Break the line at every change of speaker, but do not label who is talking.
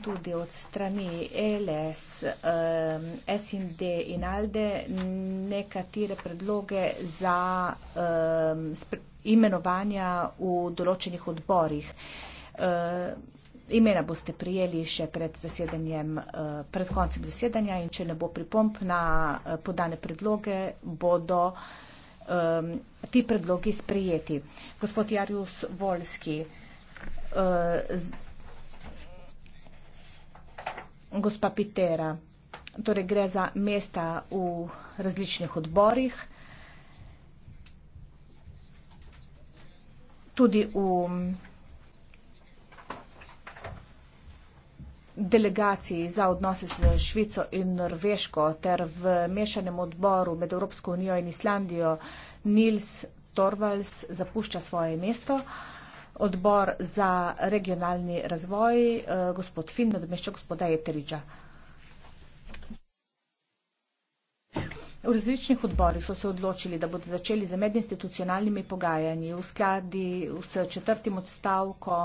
tudi od strani LS, um, SND in ALDE nekatere predloge za um, imenovanja v določenih odborih. Uh, imena boste prijeli še pred, zasedanjem, uh, pred koncem zasedanja in če ne bo pripomp na uh, podane predloge, bodo um, ti predlogi sprejeti. Gospod Jarjus Volski. Uh, gospa Pitera. Torej gre za mesta v različnih odborih, tudi v delegaciji za odnose z Švico in Norveško ter v mešanem odboru med Evropsko unijo in Islandijo Nils Torvalds zapušča svoje mesto. Uh, odbor za regionalni razvoj, eh, gospod Fin, nadomešča gospoda Eteriča. V različnih odborih so se odločili, da bodo začeli z medinstitucionalnimi pogajanji v skladi s četrtim odstavkom